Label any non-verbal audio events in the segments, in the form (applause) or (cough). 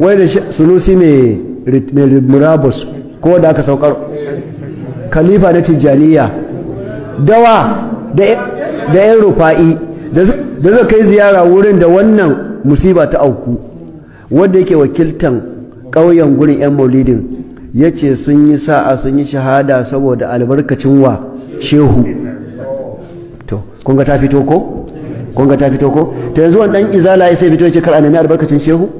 wai da sunusi mai murabus ko da aka saukar kalifa na tijjaniya dawa da yan rufa'i da zai kai ziyara wurin da wannan musiba ta auku wanda yake wakiltan ƙauyen gurin 'yan maulidin ya ce sun yi sa'a sun yi shahada saboda albarkacin wa shehu to kunga ta fito ko kunga ta fito ko ta yanzu wani dan izala ya sai fito ya ce kar a nemi albarkacin shehu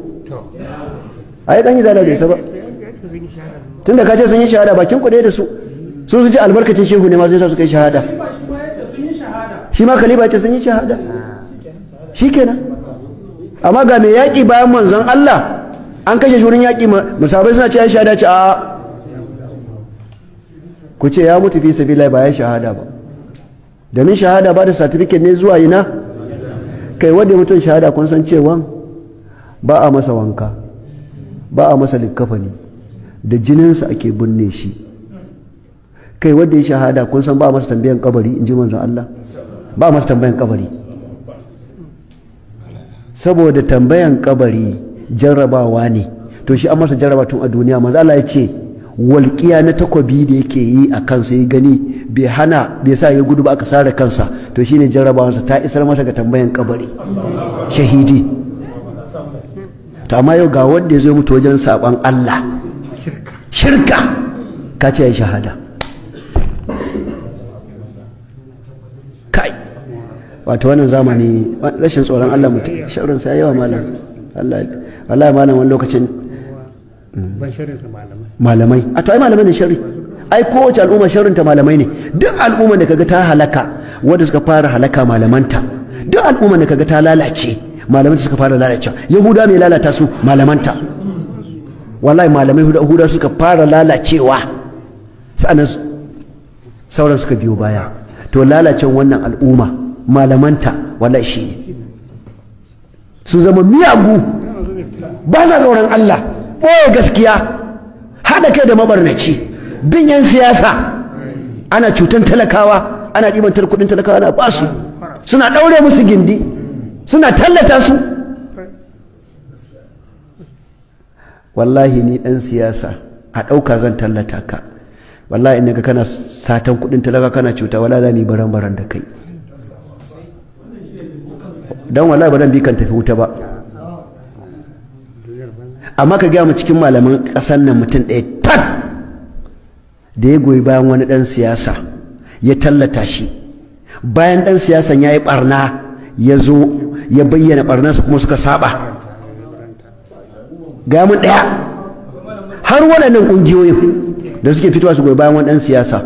ai dan izala bai saba tunda ka ce sun yi shahada bakin ku da su su su ji albarkacin shehu ne ma sai su kai shahada shi ma kaliba ce sun yi shahada shikenan amma ga mai yaƙi bayan manzon Allah an kashe shurin yaƙi musabai suna ce ya shahada ce a ku ce ya mutu fi sabila ba ya shahada ba domin shahada ba da certificate ne zuwa ina kai wanda mutum shahada kun san cewa ba a masa wanka ba a masa likkafani da jininsa ake binne shi kai wanda ya shahada kun san ba a masa tambayan kabari in ji manzon Allah ba a masa tambayan kabari saboda tambayan kabari jarrabawa ne to shi an masa jarraba tun a duniya manzo Allah ya ce walƙiya na takobi da yake yi a kansa ya gani bai hana bai sa ya gudu ba aka sare kansa to shine jarrabawansa ta isar masa ga tambayan kabari shahidi to amma yau ga wanda ya zo mutu wajen saƙon Allah shirka ka ce ya shahada kai wato wannan zamani rashin tsoron Allah mutum shaurin sa yawa malam Allah wallahi malam wani lokacin mm. malamai a to ai malamai ne shari ai kowace al'umma sharrin ta malamai ne duk al'umma da kaga ta halaka wanda suka fara halaka malamanta duk al'umma da kaga ta lalace malaman suka fara lalacewa yahuda mai lalata su malamanta wallahi malamai Yahuda suka fara lalacewa sa'anan sauran suka biyo baya to lalacen wannan al'umma malamanta wallahi shi ne su zama miyagu ba sa tsoron Allah ɓoye gaskiya haɗa kai da mabarnaci bin yan siyasa ana cutar talakawa ana ɗibantar kuɗin talakawa ana basu suna ɗaure musu gindi suna tallata su wallahi ni dan siyasa a ɗauka zan tallata ka wallahi in ka kana satan kuɗin talaka kana cuta wala za baran baran da kai dan wallahi ba zan bi kan tafi wuta ba amma ka gaya mu cikin malaman ƙasar nan mutum ɗaya tan da ya goyi bayan wani ɗan siyasa ya tallata shi bayan ɗan siyasan ya yi ɓarna ya zo ya bayyana barnarsa kuma suka saba ga mun daya har waɗannan ƙungiyoyin da suke fitowa su goyi bayan wani ɗan siyasa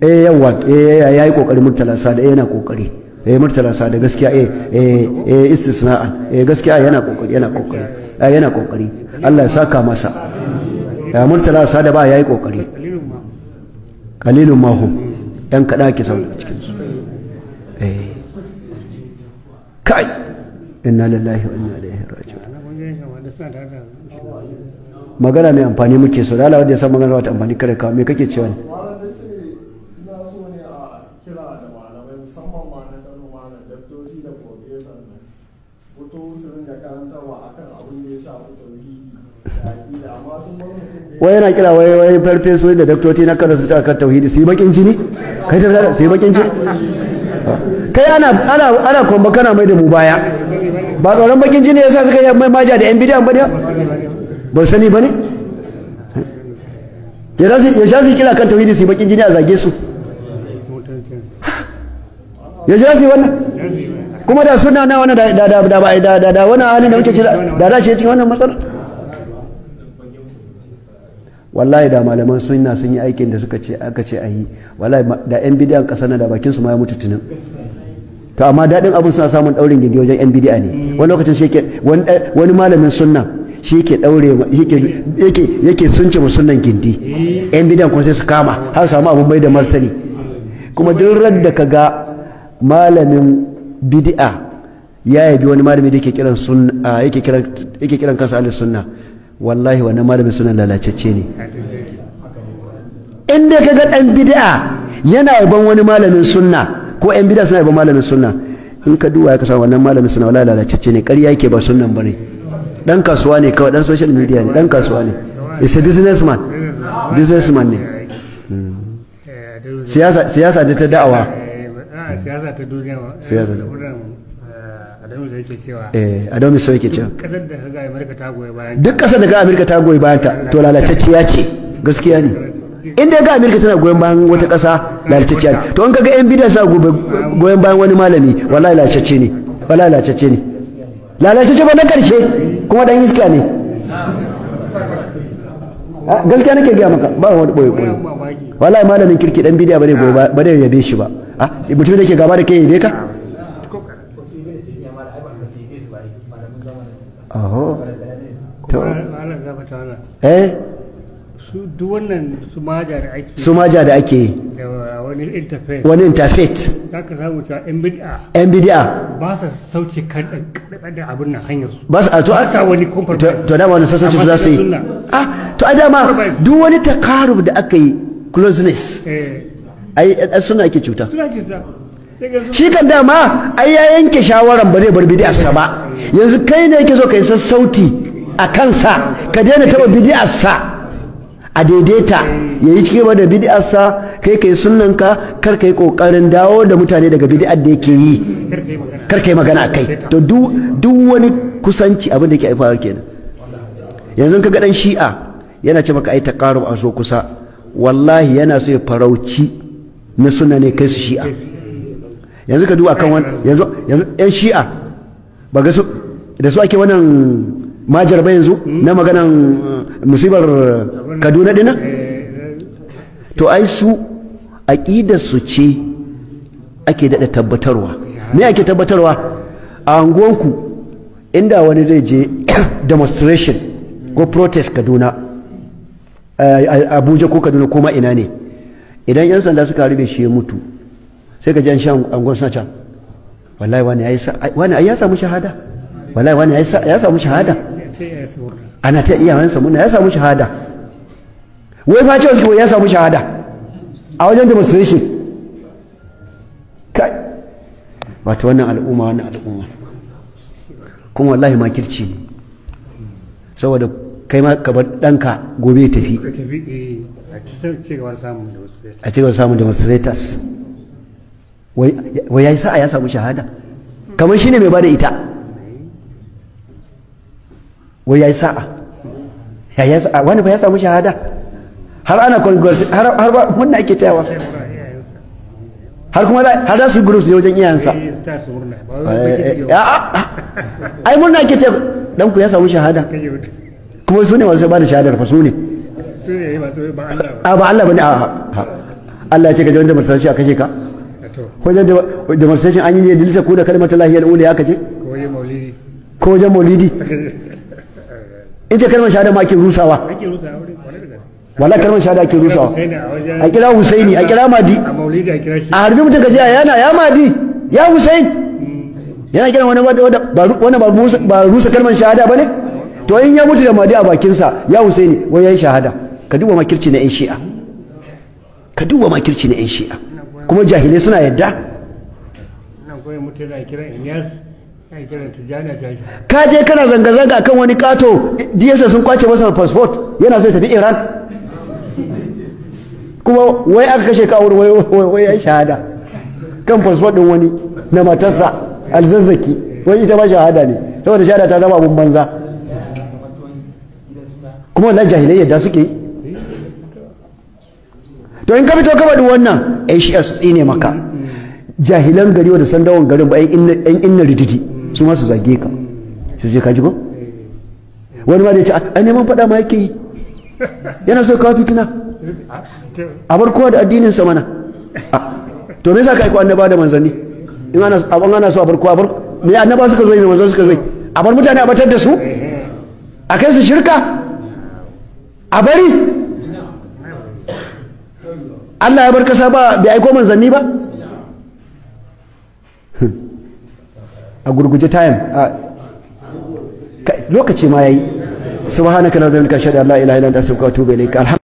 eh yawa eh yayi kokarin murtala sada eh yana kokari eh murtala sada gaskiya eh, eh eh istisna'an eh gaskiya yana kokari yana kokari eh yana kokari Allah ya saka masa eh, murtala sada ba yayi kokari qalilun mahum yan kaɗa ke samu daga cikinsu eh. kai inna lillahi wa inna ilaihi raji'un magana mai amfani muke so da da ya san magana wata amfani kare kawai me kake cewa ne wai yana kira wai wai farfeso da daktoci na kan su ta kan tauhidi su yi bakin jini kai ta su yi bakin jini kai ana ana ana komba kana mai da mu baya ba tsoron bakin jini yasa suka yi mai maja da yan bidiyan bane ba sani bane ya rasu ya sha su kira kan tauhidi su yi bakin jini a zage su ya sha su wannan kuma da suna na wani da da da da da da wani halin da muke ce da za shi cikin wannan matsala wallahi da malaman sunna sun yi aikin da suka ce aka ce a yi wallahi da yan bidiyan kasar na da bakin su ma ya mutu tunin to amma daɗin abin suna samun daurin gindi wajen yan bidiya ne wani lokacin shi eh, wani malamin sunna shi ke daure yake yake sunce mu sunnan gindi yan bidiyan kuma sai su kama har su samu abin bai da martani kuma duk ran da ka ga malamin bid'a ya yabi wani malami da yake kiran sunna yake kiran yake kiran kansa ahlus sunna wallahi wannan malamin sunna lalacecce ne inda ka kaga dan bid'a yana yaban wani malamin sunna ko yan bid'a suna yaban malamin sunna in ka duwa ya kasa wannan malamin sunna wallahi lalacecce ne ƙarya yake ba sunnan bane dan kasuwa ne kawai dan social media ne dan kasuwa ne is a businessman businessman ne hmm. siyasa siyasa ta da'awa siyasa ta duniya ba eh, siyasa ta eh, adamu sai yake cewa eh adamu sai yake cewa kasar da kaga amurka ta goyi bayan duk kasar da ga amerika ta goyi bayan ta to lalacecciya ce gaskiya ne in dai ga amerika tana goyon bayan wata kasa lalacecciya ne to an kaga yan bidiya sa goyon bayan wani malami wallahi lalacecce ne wallahi lalacecce ne lalacecce ba na karshe kuma dan iska ne Ah, gaskiya nake gaya maka ba wani boye boye wallahi malamin kirki dan bidiya bane ba dai yabe shi ba ah mutum da ke gaba da kai yabe ka aho to eh su duk wannan su sumaja da ake su sumaja da ake wani interface wani interfaith za ka samu cewa yan bid'a yan bid'a ba sa sauce kan da abin nan hanyar su ba sa wani compromise to dama wani sassauci su za su yi ah to a dama duk wani takarub da aka yi closeness eh. ai suna ake cuta shi kan dama ai ya yanke shawaran ba zai bar bidiyarsa ba eh. yanzu kai ne yake so ka yi sassauti a kansa ka daina taɓa bidiyarsa a daidaita ya yi cikin da bidiyarsa kai ka yi sunanka kar ka yi ƙoƙarin dawo da mutane daga bidiyar da yake yi kar ka yi magana a kai to duk wani kusanci abin da ke haifarwa kenan yanzu ka ga dan shi'a yana ce maka ai taqarrub a zo kusa wallahi yana so ya farauci na sunna ne kai su shi'a yanzu ka duba kan wani yanzu yan shi'a ba ga su da su ake wannan majar yanzu na maganan uh, musibar kaduna dina to ai su aqidar su ce ake daɗa tabbatarwa me ake tabbatarwa a anguwanku inda wani zai je (coughs) demonstration ko protest kaduna Eh, abuja ko kaduna ko ma ina ne idan yan sanda suka harbe shi ya mutu sai ka jan shan angon sacha wallahi wani ya wani ya samu shahada wallahi wani ya samu shahada ana ta iyayen sa muna ya samu shahada wai fa ce wasu ya samu shahada a wajen demonstration kai wato wannan al'umma wannan al'umma kuma wallahi makirci saboda kai ma ka bar ɗanka gobe ya tafi eh, a cigaba samun demonstrators wai ya yi sa'a ya samu shahada kamar shine mai bada ita wai ya yi sa'a wani ba ya samu shahada har ana har ba murna ake tayawa har kuma har za su group su wajen iyayensa eh, eh, ai murna ake ce dan ku ya samu shahada kuma su ne masu ba da shahadar fa su ne a ba Allah ne a Allah ya ce ka je wanda marsa shi a kashe ka wajen da marsa an yi ne dilisa ko da kalmar ta lahiyar ula ya kace ko wajen maulidi (laughs) in ce kalmar shahada ma ake rusawa wala kalmar shahada ake rusawa a kira husaini a kira madi a harbi mutum ka je a yana ya madi ya husain mm. yana kira wani ba rusa kalmar shahada ba ne to in ya mutu da madi a bakinsa ya husaini wai ya yi shahada ka duba makirci na 'yan shi'a ka duba makirci na 'yan shi'a kuma jahilai suna yadda ka je kana zanga-zanga kan wani kato diyasa sun kwace masa passport yana zai tafi iran kuma wai aka kashe ka wai wai ya shahada kan passport din wani na matarsa alzazzaki wai ita ba shahada ne saboda shahada ta zama abun banza kuma wallahi jahilai yadda suke yi to in ka fito ka faɗi wannan ai shi su tsine maka jahilan gari da sandawan garin ba ɗan inna rididi su ma su zage ka su je ka ji ba wani ma da ya ce a neman faɗa ma yake yi yana so kawo fitina a bar kowa da addinin sa mana to me yasa ka aiko annaba da manzanni in ana abin ana so a bar kowa bar me annaba suka zo me manzo suka zo a bar mutane a batar da su a kai su shirka a bari Allah ya bar kasa ba bai aiko manzanni ba a gurguje time lokaci ma yayi subhanaka rabbika shada la ilaha illa anta astaghfiruka wa atubu ilaik